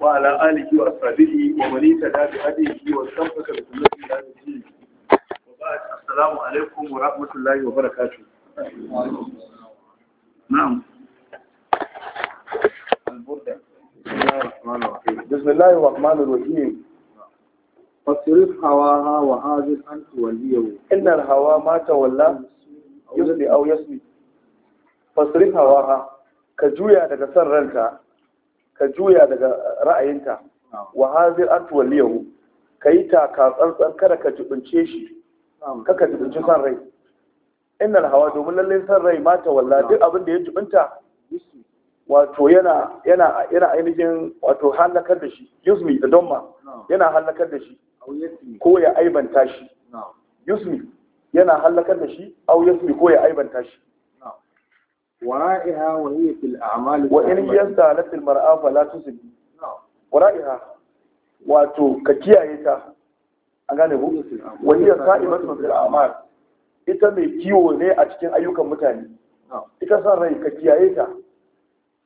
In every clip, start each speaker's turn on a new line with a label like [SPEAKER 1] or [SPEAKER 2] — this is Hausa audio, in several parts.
[SPEAKER 1] وعلى آله وأصحابه ومن اهتدى بهديه واستمسك بسنته إلى يوم وبعد السلام عليكم ورحمة الله وبركاته نعم بسم الله الرحمن الرحيم فصرف هواها وهذه أن توليه إن الهوى ما تولى يسلي أو يسلي فصرف هواها كجوية juya daga son ka juya daga ra'ayinta, wa hazir an liyahu. ka yi ka tsantsan kada ka jibince shi kaka jibince san rai innal hawa domin lallai san rai mata walla duk abin da ya jibinta wato yana yana yana ainihin wato halakar da shi yusmi da donma yana halakar da shi ko ya aibanta shi yusmi yana halakar da shi au yusmi ko ya aibanta shi ورائها وهي في الأعمال وإن يزدالت المرأة فلا تسب ورائها واتو ka kiyaye ta an gane ku wahiyar sa'imatun fil a'mal ita mai kiwo ne a cikin ayyukan mutane ita san rai ka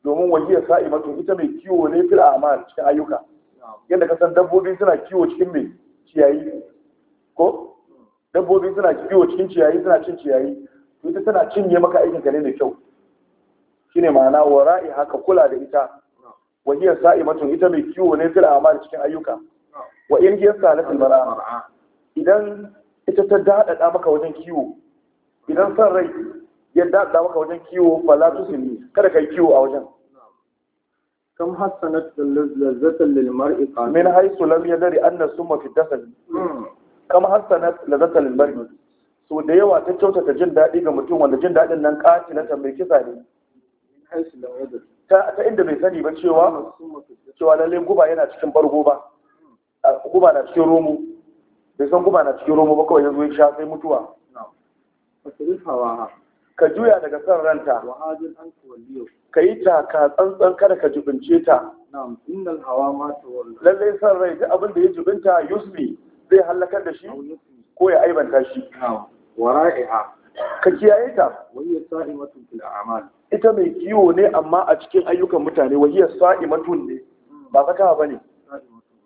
[SPEAKER 1] domin wahiyar sa'imatun ita mai kiwo ne fil a'mal cikin ayyuka yadda ka san dabbobi suna kiwo cikin mai ciyayi ko dabbobi suna kiwo cikin ciyayi suna cin ciyayi to ita tana cinye maka aikin ka ne mai kyau shine ma'ana wara'i haka kula da ita wa hiya sa'imatun ita mai kiwo ne fil a'mal cikin ayyuka wa in hiya salatul mar'a idan ita ta dadada maka wajen kiwo idan san rai ya dadada maka wajen kiwo fala tusimi kada kai kiwo a wajen كم حسنت لذة للمرء قال من حيث لم يدري أن السم في الدسم كم حسنت لذة للمرء so da yawa ta kyautata jin daɗi ga mutum wanda jin daɗin nan ƙatilatan mai kisa ne ta inda bai sani ba cewa cewa lalle guba yana cikin bargo ba guba na cikin romo bai san guba na cikin romo ba kawai yanzu ya sha sai mutuwa ka juya daga son ranta ka yi taka tsantsan kada ka jibince ta lallai son rai duk abin da ya jibinta yusli zai hallakar da shi ko ya aibanta shi wara'iha ka kiyaye ta wahiyar sa'imatu fil a'mal ita mai kiwo ne amma a cikin ayyukan mutane wahiyar sa'imatu ne ba ba ne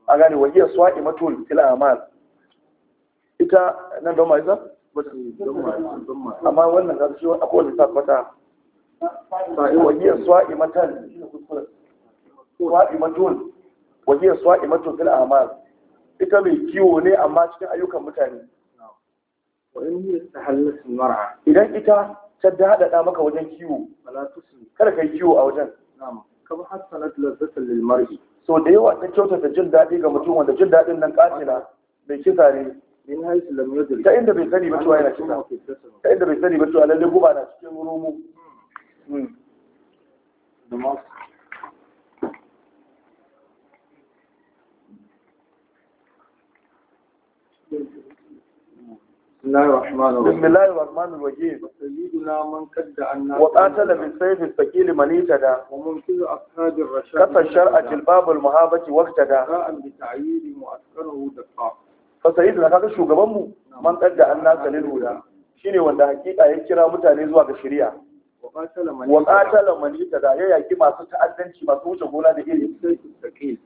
[SPEAKER 1] a gane wahiyar sa'imatu fil a'mal ita nan don mai za amma wannan za shi ciwo akwai wani tabbata wahiyar sa'imatu sa'imatun wahiyar sa'imatu fil a'mal ita mai kiwo ne amma cikin ayyukan mutane idan ita ta daɗaɗa maka wajen kiwo kada ka yi kiwo a wajen kama hassanat lazzatan lil mar'i so da yawa ta kyautata jin daɗi ga mutum wanda jin daɗin nan katila bai kisa ne ta inda bai sani ba cewa yana kisa ta inda bai sani ba cewa lallai guba na cikin rumu hmm. بسم الله الرحمن الرحيم بسم الله الرحمن الرحيم سيدنا من قد عنا وقاتل بالسيف الثقيل من اهتدى ومنقذ اصحاب الرشاد كفى الشرع جلباب المهابة واهتدى راء بتعيير مؤثره دقاق فسيدنا kaga wanda hakika ya kira mutane zuwa ga shari'a wa qatala man yatada ya yaki masu ta'addanci masu wuce gona da iri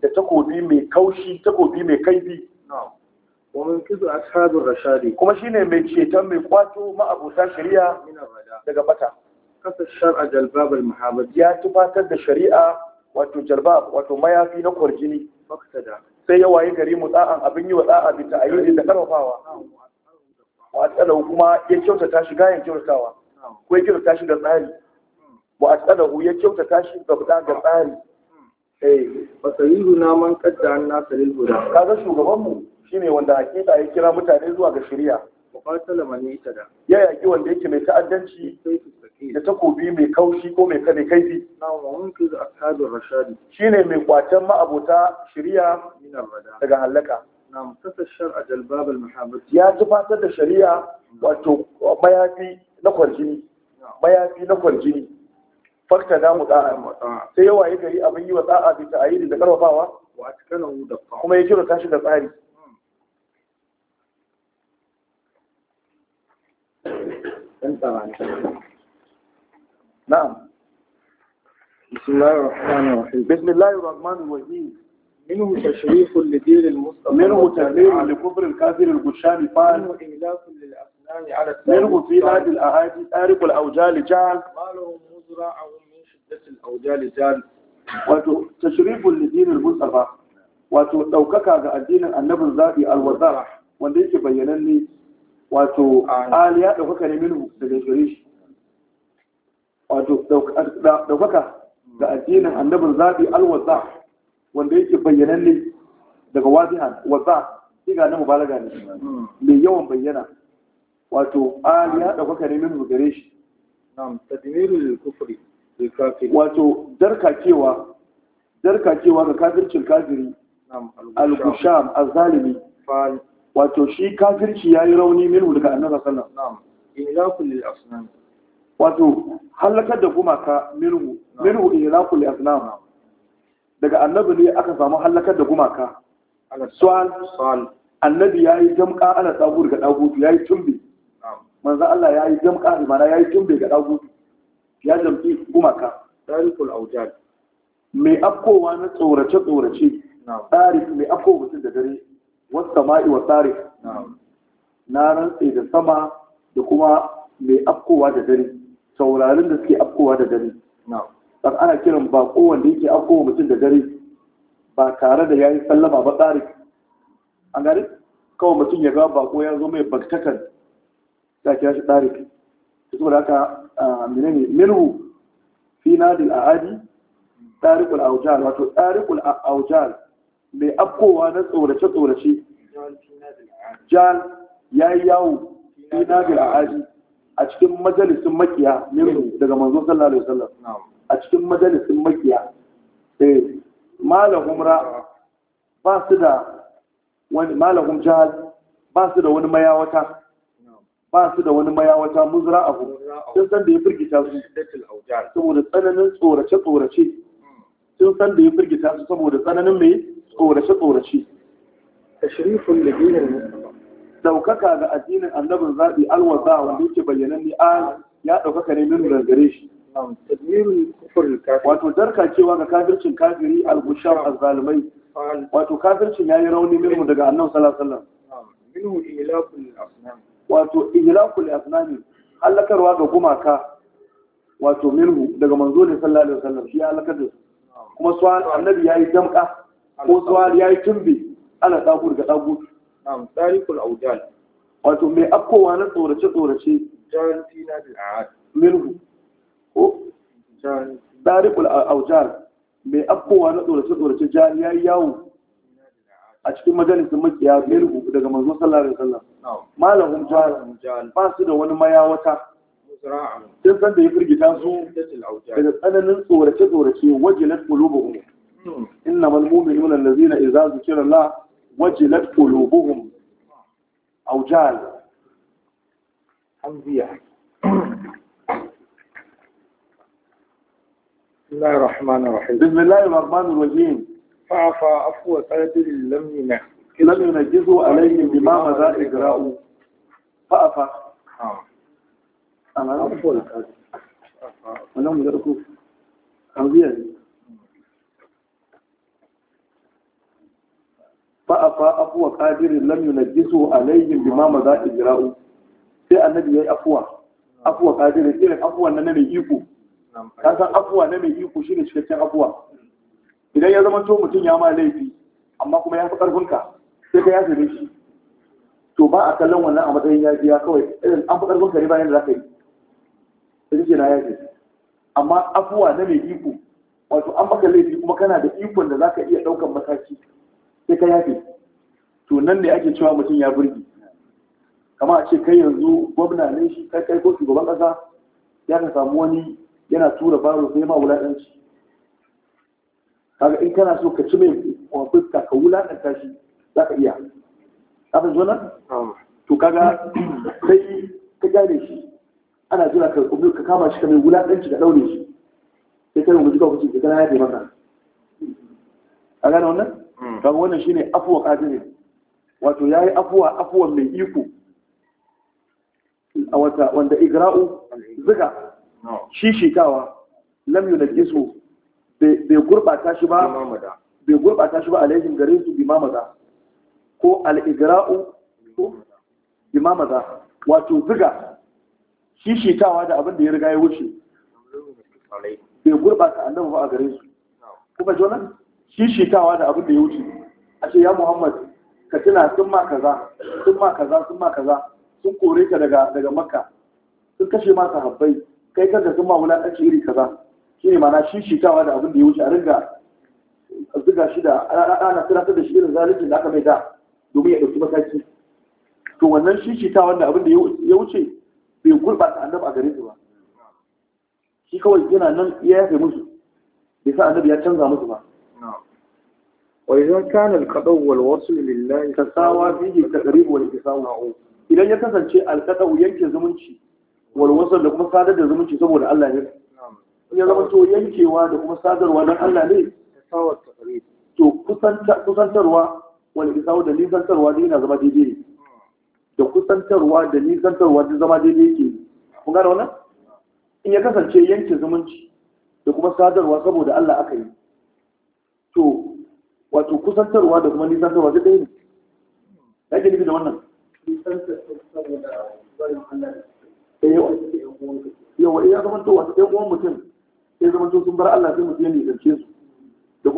[SPEAKER 1] da takobi mai kaushi takobi mai kaifi a كذو أصحاب الرشاد كما شيني من شيطان من قواتو ما أبو شريعة من الرداء دقبتا kasa shar'a jalbabal muhammad ya tufatar da shari'a wato jalbab wato mayafi na kwarjini sai ya waye gari mu tsa'an abin yi wa tsa'a bi ta'ayyudi da karfafawa wa tsadahu kuma ya kyautata shi gayan kyautatawa ko ya kyautata shi ga tsari wa tsadahu ya kyautata shi ga ga tsari eh fasayihu na man qadda an nasa lil huda kaga shugaban mu shine wanda hakika ya kira mutane zuwa ga shari'a muqatala man ya yaki wanda yake mai ta'addanci da takobi mai kaushi ko mai kare kaifi shine mai kwatan ma'abota shari'a daga halaka ya tufatar da shari'a wato mayafi na kwarjini mayafi na kwarjini fakta da mu da'a sai yawa ya gari abin yi wa da'a bi ayi da karfafawa kuma ya kira tashi da tsari طبعا نعم بسم الله الرحمن الرحيم بسم الله الرحمن الرحيم منه تشريف لدين المصطفى منه تغيير لكفر الكافر الجشام فان منه إهلاك للأسنان على السلام منه في هذه الأهادي تارك الأوجال جعل ما لهم مزرع من شدة الأوجال جعل وتشريف tashriful lidinil وتوكك wato الدين ga الزادي الوزارة وليس بيانني wato ah, aliya ɗaukaka ne minu daga gare shi wato daukaka ga addinin annabin zaɓi alwaza wanda yake ne daga wazihan waza shi ga na mubalaga ne hmm. mai yawan bayyana wato aliya ah. ɗaukaka ne minu gare shi na'am tadmirul kufri wato darkakewa darkakewa ga kafircin kafiri al-gusham az-zalimi wato shi kafirci ya yi rauni minhu daga annabi sallallahu alaihi wasallam ilaqul lil asnam wato halakar da gumaka minhu minhu ilaqul lil asnam daga annabi ne aka samu halakar da gumaka ala sal annabi yayi jamka ala tsagur ga dagudu yayi tumbe manzo Allah yayi jamka ya yayi tumbe ga dagudu ya jamfi gumaka tarikul aujad mai afkowa na tsorace tsorace tarik mai afkowa mutum da dare wa tsari na rantse da sama da kuma mai afkowa da dare saurarin da suke afkowa da dare ɗan ana kiran ba wanda yake afkowa mutum da dare ba tare da yayi sallama ba tsari. A gari kawai mutum ya ga bako ya zo mai baktakan ya kira shi tsari. ta saboda haka menene milhu fi nadil aadi tsarikul aujal wato tsarikul aujal mai afkowa na tsorace-tsorace jan ya yi yawo ina bil aji. a cikin majalisun makiya minhu daga manzo sallallahu alaihi wasallam a cikin majalisun makiya eh malahum ra ba su da wani malahum jahal ba su da wani mayawata ba su da wani mayawata muzra abu sun san da ya firgita su saboda tsananin tsorace-tsorace sun san da ya firgita su saboda tsananin mai tsorace-tsorace tashrifun lidinin musulma daukaka ga addinin annabin zaɓi alwaza wanda yake bayyanan ni a ya daukaka ne min gangare shi wato cewa ga kafircin kafiri al-bushar az-zalimai wato kafircin yayi rauni minhu daga annabi sallallahu alaihi wasallam minhu ihlakul asnam wato ihlakul asnam halakarwa ga gumaka wato minhu daga manzo ne sallallahu alaihi wasallam shi halakar da kuma su annabi yayi damka ko tsohari ya yi tumbe ana tsagur ga tsagur na'am tsarikul aujal wato mai afkowa na tsorace tsorace jarantina da a'ad minhu ko tsarikul aujal mai afkowa na tsorace tsorace jari ya yi yawo a cikin majalisar makiya minhu daga manzon sallar alaihi wasallam malahum ba su da wani mayawata sun san da ya firgita su daga tsananin tsorace tsorace wajilat qulubuhum إنما المؤمنون الذين إذا ذكر الله وجلت قلوبهم أو جال حمزية بسم الله الرحمن الرحيم بسم الله الرحمن الرحيم فعفى عفو قادر لم ينح لم ينجزوا عليهم بما مدى إجراء فعفى أنا عفو القادر ولم يركوا حمزية fa'afa afuwa qadirin lam yunajjisu alaihim bima maza ijra'u sai annabi yayi afuwa afuwa Kadirin, irin afuwa na mai iko ka san afuwa na mai iko shine cikakken afuwa idan ya zama to mutum ya ma laifi amma kuma ya fi karfin ka sai ka yafe shi to ba a kallon wannan a matsayin yafiya kawai irin an fi karfin ka ne bayan da zaka yi sai kike na yafe amma afuwa na mai iko wato an baka laifi kuma kana da ikon da zaka iya daukan mataki sai ka yafe to nan ne ake cewa mutum ya burge kama a ce kai yanzu gwamna ne shi kai kai ko shugaban kasa ya ka samu wani yana tura baro sai ma wulaɗanci kaga in kana so ka ci mai fuska ka wulaɗanta shi za ka iya abin nan to kaga sai ka gane shi ana jira ka ka kama shi ka mai wulaɗanci ka ɗaure shi sai kai mu ji ka kuce ka gana ya maka, a gane wannan Hmm. kaga wannan shine afuwa qadirin wato yayi afuwa afuwa mai iko wata wanda igra'u ziga shi shikawa lam yunqisu bai gurbata shi ba bai gurbata shi ba alaihim gare su bi mamada ko al-igra'u bi mamada wato ziga shi shikawa da abin da ya riga ya wuce bai gurbata annabi ba a gare su kuma jonan shishikawa da abin da ya wuce a ce ya muhammad ka tuna sun ma kaza sun ma kaza sun ma kaza sun kore ka daga daga makka sun kashe ma sahabbai kai kanka sun ma ɗanci iri kaza shine shi shishikawa da abin da ya wuce a ringa zuga shi da ana tunatar da shi irin zalincin da aka mai da domin ya ɗauki mataki to wannan shishikawa da abin da ya wuce bai gurɓata annabi a gare su ba shi kawai yana nan ya yafe musu bai sa annabi ya canza musu ba وإذا idan ya kasance alkaɗau yanke zumunci walwasar da kuma sadar da zumunci saboda Allah ne ya zama yankewa da kuma sadarwa don Allah ne to kusantarwa wani isawo da nisantarwa yana zama daidai da kusantarwa da nisantarwa da zama daidai yake kun in ya kasance yanke zumunci da kuma sadarwa saboda Allah aka yi wato kusantarwa da kuma nisantarwa duk ɗaya ne ya ke nufi da wannan eh, yawa eh, ya zama to wasu ɗan uwan mutum sai zama to sun bar Allah sai mutum ya nisance su da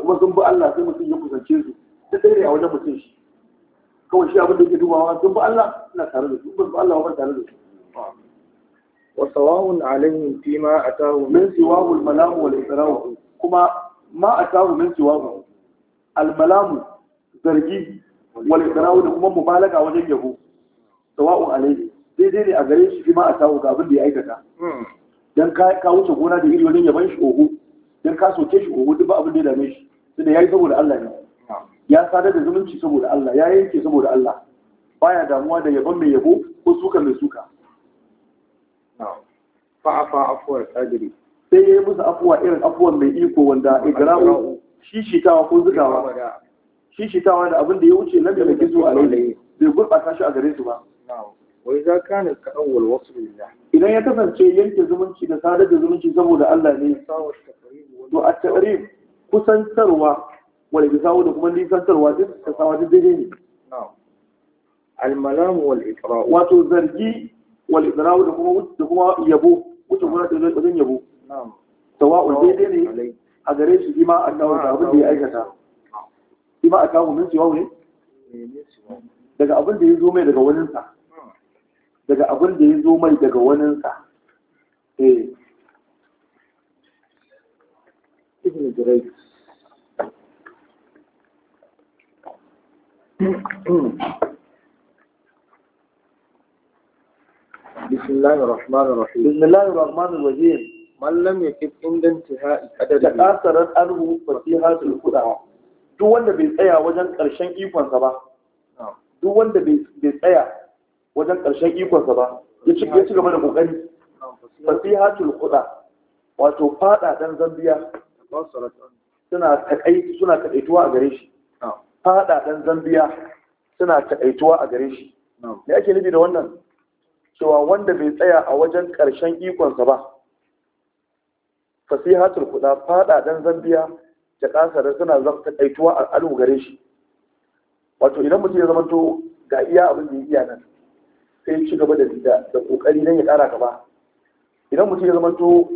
[SPEAKER 1] kuma sun bi Allah sai mutum ya kusance su ɗaya ne a wajen mutum shi kawai shi abin da yake dubawa sun bi Allah suna tare da su ba su bi Allah ba tare da su وسواء عليهم فيما أتاهم من سواه الملام والإسراء كما ما أتاهم من سواه albalamu zargi wal ikrahu da kuma mubalaga wajen yabo sawa'un alaihi daidai ne a gare shi ma a tawo ga abin da ya aikata dan ka wuce gona da iri wajen yaban shi oho dan ka soke shi oho duk ba abin da ya dame shi ya yayi saboda Allah ne ya sadar da zumunci saboda Allah ya yanke saboda Allah baya damuwa da yabon mai yabo ko suka mai suka fa'afa afuwar kadiri sai ya yi musu afuwa irin afuwar mai iko wanda igra'u shishitawa ko zugawa shishitawa da abin da ya wuce nan da gizo a lalle bai gurɓata shi a gare su ba wai za ka ne ka ɗauwal wasu lillah idan ya kasance yanke zumunci da sadar da zumunci saboda Allah ne to a taɓarin kusantarwa wal bisa da kuma nisantarwa duk ka sawa duk daidai ne al-malam wal iqra wato zargi wal iqra da kuma kuma yabo wuce kuma da zai yabo Sawa'u daidai ne a gare shi ima a kawo da abin da ya aikata ima a kawo min siwa ne daga abin da ya zo mai daga waninsa daga abin da ya zo mai daga waninsa بسم الله الرحمن الرحيم بسم الله الرحمن الرحيم mallam ya kif inda intihai kadari alhu kasarar arhu fasihatul kuda duk wanda bai tsaya wajen karshen ikonsa ba duk wanda bai tsaya wajen karshen ikonsa ba ya ci gaba da kokari fasihatul kuda wato fada dan zambiya suna takai suna takaituwa a gare shi fada dan zambiya suna takaituwa a gare shi me ake nufi da wannan cewa wanda bai tsaya a wajen karshen ikonsa ba fasihatul kuda fadadan zambiya da kasar suna zafta kaituwa a alu gare shi wato idan mutum ya zamanto ga iya abin da ya iya nan sai ci gaba da da kokari nan ya kara gaba idan mutum ya zamanto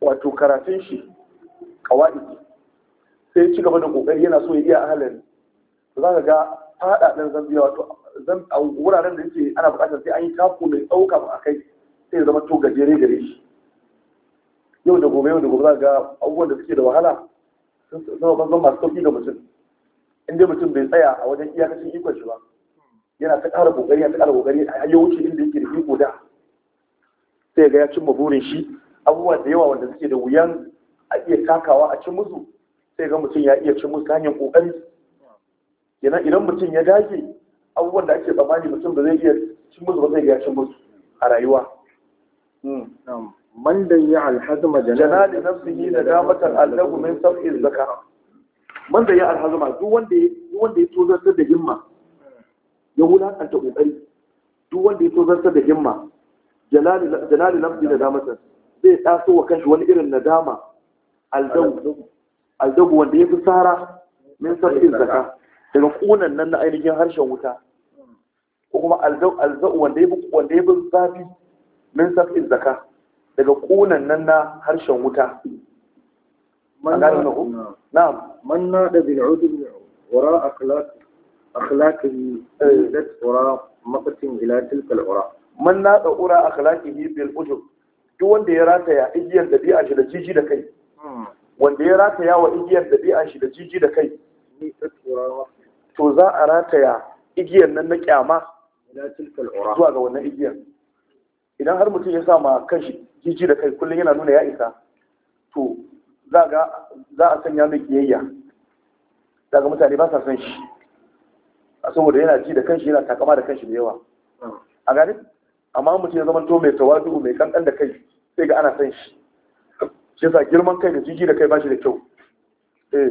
[SPEAKER 1] wato karatun shi kawai sai ci gaba da kokari yana so ya iya ahalari za ka ga fadadan zambiya wato a wuraren da yake ana bukatar sai an yi taku mai ɗauka ba a kai sai ya zama to gajere gare shi yau da gobe yau da gobe za ga abubuwan da suke da wahala sun zama masu sauƙi ga mutum inda mutum bai tsaya a wajen iyakacin ikon shi ba yana ta ƙara ƙoƙari ya ta ƙara ƙoƙari a ya wuce inda yake da iko da sai ga ya cimma burin shi abubuwa da yawa wanda suke da wuyan a iya takawa a cin musu sai ga mutum ya iya cin musu ta hanyar ƙoƙari yana idan mutum ya dage abubuwan da ake tsammani mutum ba zai iya cin musu ba zai ga ya cin musu a rayuwa hmm. man da ya alhazma da duk wanda ya tozartar da himma ya wulakanta kokari duk wanda ya tozartar da himma jalali nafsi da damatan zai taso wa kanshi wani irin nadama aldagu aldagu wanda ya fi sara min sab'i zaka daga kunan nan na ainihin harshen wuta kuma wanda ya fi zafi min zaka daga ƙunan nan na harshen wuta na'am man na da bil'udu wara akhlaqi eh. dat wara maqatin ila tilka al'ura man na da ura akhlaqihi bil ujub duk wanda ya rataya igiyar bi'a shi da jiji da kai hmm. wanda ya rataya wa igiyar bi'a shi da jiji da kai to za a rataya igiyar nan na kyama zuwa ga wannan igiyar idan har mutum ya sa ma kashi, jiji da kai kullum yana nuna ya isa to za a sanya mai kiyayya daga mutane ba sa san shi saboda yana ji da kanshi yana takama da kanshi da yawa a gani amma mutum ya zama to mai tawadu mai kankan da kai sai ga ana san shi shi sa girman kai da jiji da kai ba shi da kyau eh.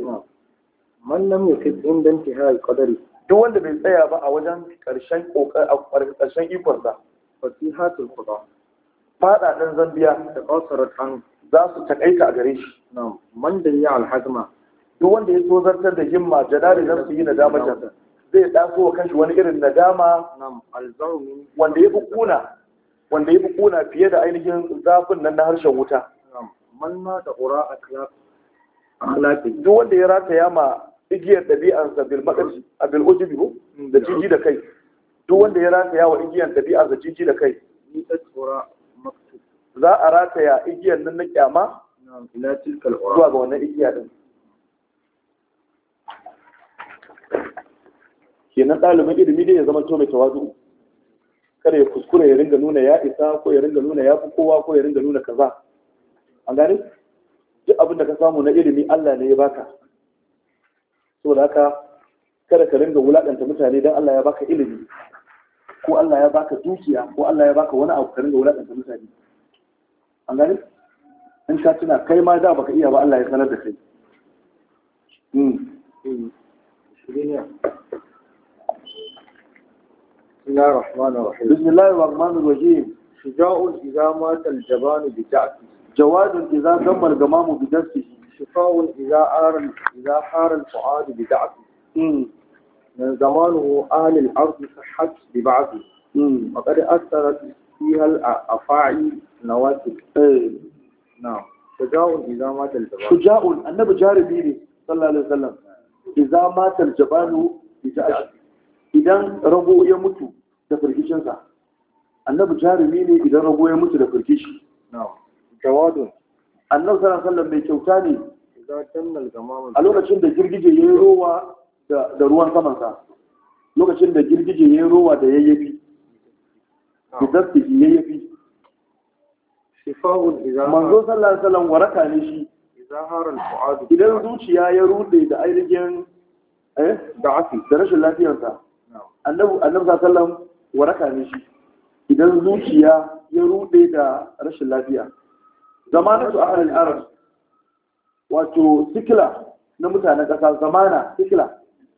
[SPEAKER 1] Mallam ya kai inda intihai kwadari duk wanda bai tsaya ba a wajen karshen ikonsa fasihatul fada fadadan zambiya da qawsarat an za su takaita a gare shi na'am man da ya alhazma duk wanda ya so zartar da himma jadari zan su yi nadama jadar zai taso wa kanshi wani irin nadama na'am alzawmi wanda ya bukuna wanda ya bukuna fiye da ainihin zafin nan na harshen wuta man ma da qura akhlaq akhlaqi duk wanda ya rataya ma igiyar ɗabi'ansa bil maqdis abil ujubi mm. da jiji da kai duk wanda ya rataya wa igiyan ɗabi'a da jiji da kai za a rataya igiyan nan na kyama zuwa ga wannan igiya din kenan ɗalibin ilimi dai ya zama to mai tawazu kada ya kuskure ya ringa nuna ya isa ko ya ringa nuna ya fi kowa ko ya ringa nuna kaza an gane duk abin da ka samu na ilimi Allah ne ya baka saboda haka kada ka ringa wulaɗanta mutane don Allah ya baka ilimi ko Allah ya baka dukiya ko Allah ya baka wani abu ka ringa wulakanta mutane an gani in ka tuna kai ma da baka iya ba Allah ya sanar da kai بسم الله الرحمن الرحيم بسم الله الرحمن الرحيم شجاع إذا مات الجبان بجأسه جواد إذا دم الغمام بجأسه شفاء إذا عار إذا حار الفؤاد بجأسه من زمانه أهل الأرض صحت ببعضه وقد أثرت فيها الأفاعي نواتب نعم شجاع إذا مات الجبان شجاع النبي جاري بيري صلى الله عليه وسلم idan rago ya mutu da firgishinsa annabi jarumi ne idan rago ya mutu da firgishi jawadun annabi sallallahu alaihi mai kyauta ne a lokacin da girgije ya yi rowa da ruwan samansa lokacin da girgije ya rowa da ya yafi ah. da zafi ya yafi manzo sallallahu alaihi waraka ne shi idan zuciya ya rude da ainihin eh, da afi da rashin lafiyarsa annabi annabi sallallahu waraka ne shi idan zuciya ya rude da rashin lafiya zamanin zamanatu ahlul arar wato sikila na mutanen kasa zamana sikila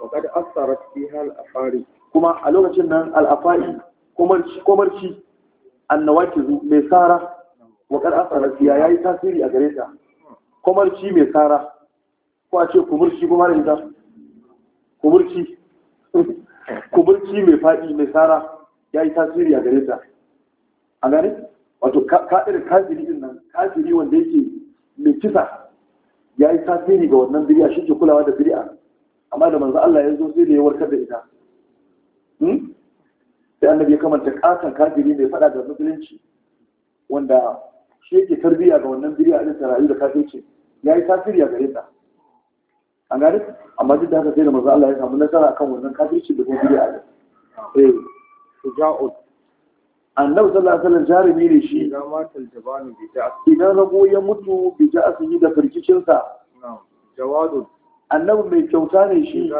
[SPEAKER 1] وقد أثرت فيها الأفاري كما ألوغة جنة الأفاري كومرشي النواكز ميسارة وقد أثرت فيها ياي تاثيري أجريتا كومرشي ميسارة وأشيو كومرشي كمار إذا كومرشي كومرشي ميفائي ميسارة tasiri a gare ta a gare? wato ka'ir kafiri din nan kafiri wanda yake mai kisa ya yi tasiri ga wannan biri'a, shi ke kulawa da biri'a. amma da manzo Allah ya zo sai da ya warkar da ita hmm? sai annabi ya kamanta katon kafiri mai fada da musulunci wanda shi yake tarbiya ga wannan biriya da sarayi da kafirci ya yi tasiri a gare ta an gane amma duk da haka sai da manzo Allah ya samu nasara kan wannan kafirci da kuma biriya da eh shuja'u annabi sallallahu alaihi wasallam jarumi ne shi idan matal jabanu bi ta'as idan rago ya mutu bi ta'as da firkicin sa na'am jawadu annabi mai kyauta ne shi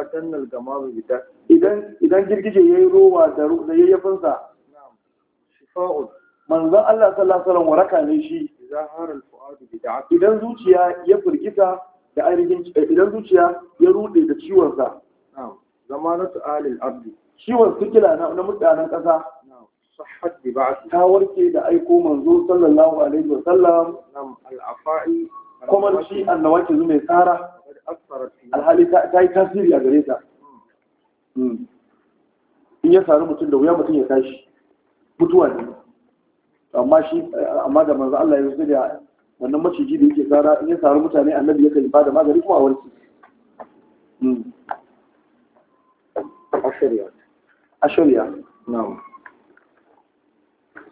[SPEAKER 1] idan girgije ya yi rowa da yayyafinsa manzan Allah sallallahu waraka ne shi idan zuciya ya firgita da ainihin eh, idan zuciya ya rude da ciwonsa na alil abdi ciwon sikila na mutanen ƙasa ta warke da aiko ايكو منظور صلى الله عليه وسلم نعم kuma shi annawa ke mai tsara alhali ta yi tasiri a gare ta hmm. in ya sari mutum da wuya mutum ya tashi mutuwa ne amma shi amma da manzo Allah ya yi da wannan maciji da yake tsara in ya sari mutane annabi ya kai ba da magani kuma a warki hmm. ashariya ashariya na'am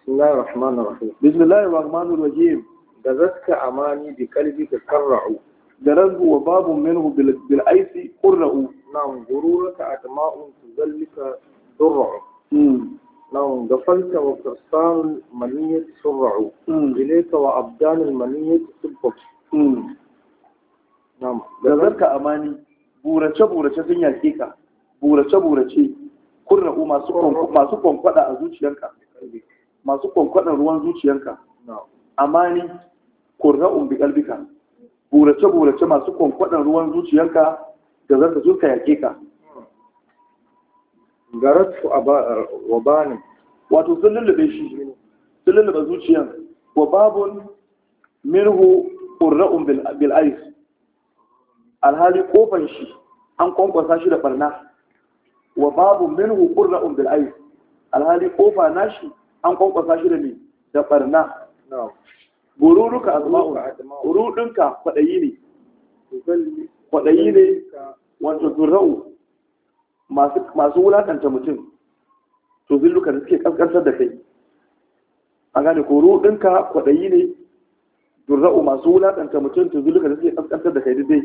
[SPEAKER 1] بسم الله الرحمن الرحيم بسم الله da zaska amani bi kalbi ka karra'u da razbu wa babu minhu bil aisi qurra'u nam gururaka atma'un tuzallika durra'u hmm. na'am gafalta wa qasam maniyat surra'u hmm. ilayka wa abdan al maniyat tubbu hmm. nam da zaka amani burace burace sun yake ka burace burace kurra'u masu masu kwankwada a zuciyarka masu konkwada ruwan zuciyarka amani qurra'un bi kalbika burace burace masu kwankwadan ruwan zuciyarka da zaka zo ka yake ka garatu aba wabani wato sun lullube shi sun lullube zuciyan wa babun minhu qurra'un bil ais alhali kofan shi an kwankwasa shi da barna wa babun minhu qurra'un bil ais alhali kofa nashi an kwankwasa shi da ne da barna bururuka azma'un burudinka kwaɗayi ne kwaɗayi ne wato turau masu wulakanta mutum to zilluka da suke kaskantar da kai a gane ko ruɗinka kwaɗayi ne turau masu wulakanta mutum to zilluka da suke kaskantar da kai dai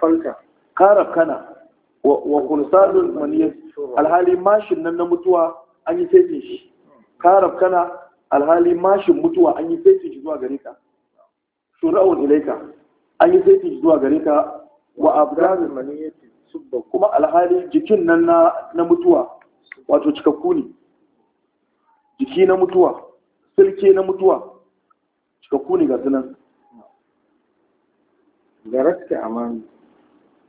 [SPEAKER 1] farka karab kana wa kursadun maniyar alhali mashin nan na mutuwa an yi taifin shi karab kana alhali mashin mutuwa an yi saitin shi zuwa gare ka shura'un ilaika an yi saitin shi zuwa gare ka wa abdazin maniyyati subba kuma alhali jikin nan na mutuwa wato cikakku ne jiki na mutuwa silke na mutuwa cikakku ne ga sunan garaske aman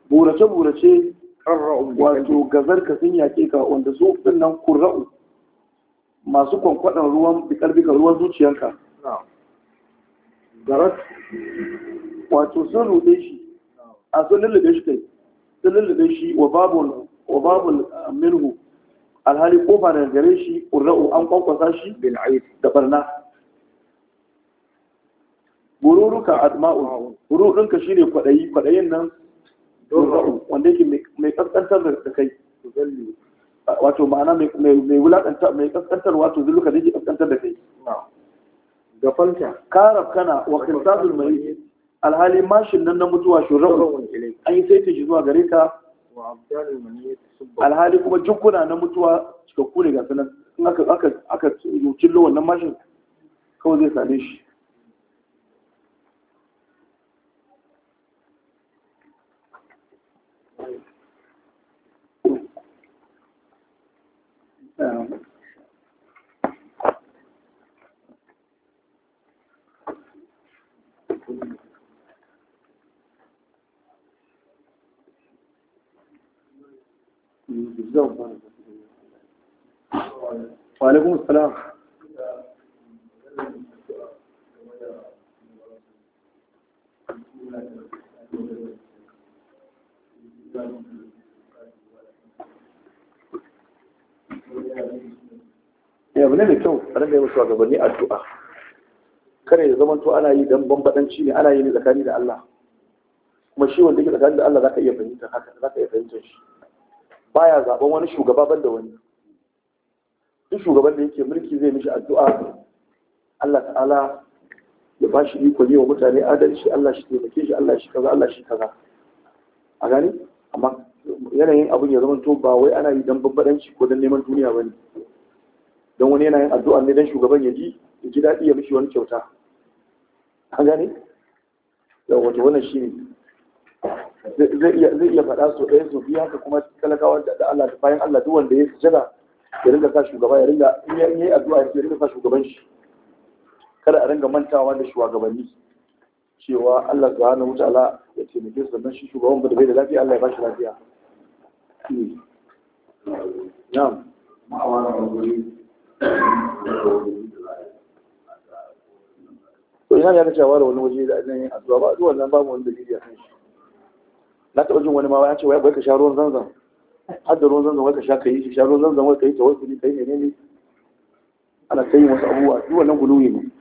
[SPEAKER 1] burace-burace wato gazar ka sun yake ka wanda su nan kurra'u masu kwankwadon ruwan bikarbika ruwan zuciyanka garas wato sun rude shi a sun lullube shi kai sun lullube shi wa babul ah, minhu alhali kofa da gare shi ƙurra'u an kwankwasa shi da barna bururuka adma'u shi ne kwaɗayi kwaɗayin nan wanda yake mai ƙasƙantar da kai wato ma'ana mai wulakanta mai kaskantar wato zuluka da yake kaskantar da kai falta karab kana wa khisasul mai alhali mashin nan na mutuwa shurra'u an yi sai ta zuwa gare ka alhali kuma jukuna na mutuwa cikakku ne ga sanan in aka aka aka nan mashin kawai zai same shi nan وعليكم السلام abu ne mai kyau a rinka yi wa shugabanni addu'a kare da zamanto ana yi don bambadanci ne ana yi ne tsakani da Allah kuma shi wanda yake tsakani da Allah za ka iya fahimtar haka za ka iya fahimtar shi baya zaben wani shugaba ban da wani duk shugaban da yake mulki zai mishi addu'a Allah ta'ala ya ba shi iko ne wa mutane adalci Allah shi taimake shi Allah shi kaza Allah shi kaza a gani amma yanayin abin ya zama to ba wai ana yi don bambadanci ko don neman duniya ba ne. don wani yana yin addu'a ne don shugaban ya ji in ji daɗi ya mishi wani kyauta an gane da wata wannan shi ne zai iya faɗa so ɗaya so biya ka kuma talakawa da Allah da bayan Allah duk wanda ya sujada ya ringa sa shugaba ya ringa in yi addu'a ya ringa sa shugaban shi kada a ringa mantawa da shugabanni cewa Allah subhanahu wa ta'ala ya taimake su sannan shi shugaban ba da bai da lafiya Allah ya ba shi lafiya hmm. na'am na wani to ina ya kace wani waje da ajin a addu'a ba duk ba mu wani dalili a kan shi na taɓa jin wani ma ya ce wai ka sha ruwan zanzan har da ruwan zanzan wai ka sha ka yi shi sha ruwan zanzan wai ka yi tawakkuli kai ne ne ana kai wasu abubuwa duk wannan guluwi ne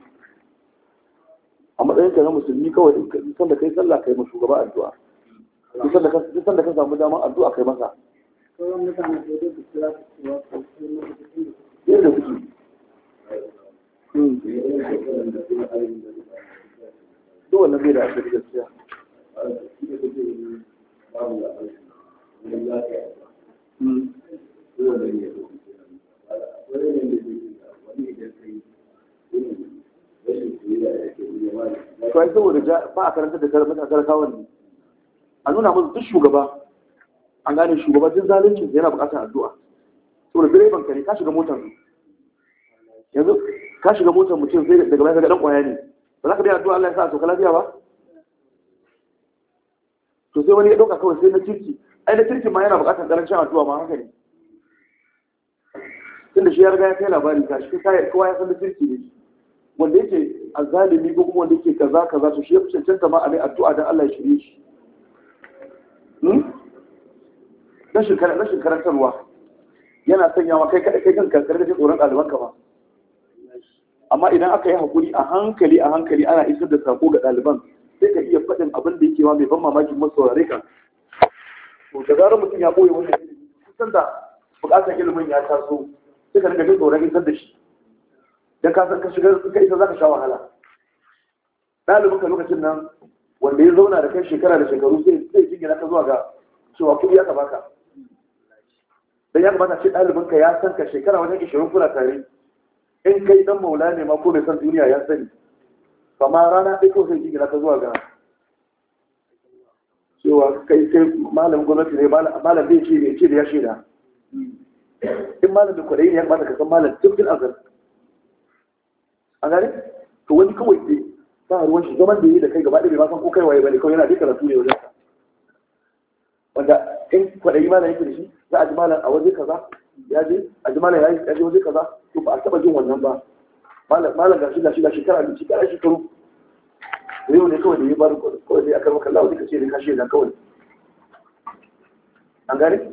[SPEAKER 1] a matsayin ka na musulmi kawai in san da kai sallah kai ma shugaba addu'a in san da ka in san da ka samu damar addu'a kai masa yadda kuke duk wannan bai da asali gaskiya ba a karanta da ne a nuna musu duk shugaba an gane shugaba duk zalunci yana bukatar addu'a saboda direban ka ne ka shiga motar yanzu ka shiga motar mutum sai daga bayan ka dan kwaya ne ba za ka dai addu'a Allah ya sa to ka lafiya ba to sai wani ya dauka kawai sai na kirki ai na kirki ma yana bukatar karancin addu'a ma haka ne tunda shi ya riga ya kai labari ga shi kai kowa ya san na kirki ne wanda yake azalimi ko kuma wanda yake kaza kaza to shi ya fi cancanta ma a mai addu'a dan Allah ya shirye shi hmm? rashin karantarwa yana sanya wa kai kada kai kan ka da tsoron ɗaliban ka ba amma idan aka yi hakuri, a hankali a hankali ana isar da sako ga ɗaliban sai ka iya faɗin abin da yake ma mai ban mamakin masu saurare ka to da zarar mutum ya ɓoye wannan ilimi kusan da buƙatar ilimin ya taso sai ka dinga jin tsoron isar da shi dan ka san ka shiga ka isa zaka sha wahala ɗalibin ka lokacin nan wanda ya zauna da kai shekara da shekaru sai sai jingina ka zuwa ga cewa kuɗi ya ka baka da ya kamata ce ɗalibinka ya san ka shekara wajen ishirin kuna tare in kai dan maula ne ma ko bai san duniya ya sani kama rana ɗai ko sai jigila ka zuwa ga cewa kai sai malam gwamnati ne malam bai ce ne ce da ya shaida in malam da kwaɗayi ne ya kamata ka san malam tun fil azar A gane to wani kawai dai ba ruwan shi zaman da yi da kai gaba ɗaya bai ma san ko kai waye bane kawai yana dai karatu ne wajen wanda in kwaɗayi malam yake da shi za a ji malam a waje kaza ya je a jimala ya je waje kaza to ba a taɓa jin wannan ba malam gashi gashi gashi kara da shekara shekaru yau ne kawai da ya bari kawai dai a karɓar kallawa zai kace da kashe da kawai an gane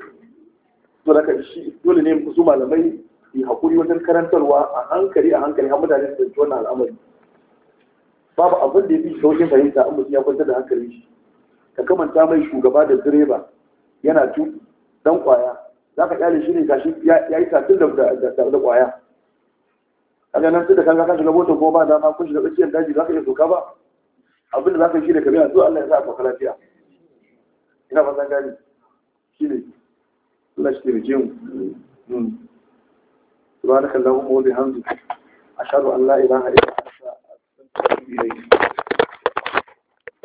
[SPEAKER 1] to da kashi dole ne su malamai yi haƙuri wajen karantarwa a hankali a hankali har mutane su fahimci wannan al'amari babu abin da ya fi sauƙin fahimta an mutum ya kwantar da hankali shi ka kamanta mai shugaba da direba yana tu dan kwaya za ka kyale shi ne shi ya yi tafi da kwaya kaga nan sai da kanga ka shiga motar ko ba dama kun shiga tsakiyar daji za ka iya soka ba abinda za ka yi shi da kabila zuwa Allah ya sa a kwaka lafiya ina fatan gani shi ne Allah shi taimake mu سبحانك اللهم وبحمدك أشهد أن لا إله إلا أنت أستغفرك إليك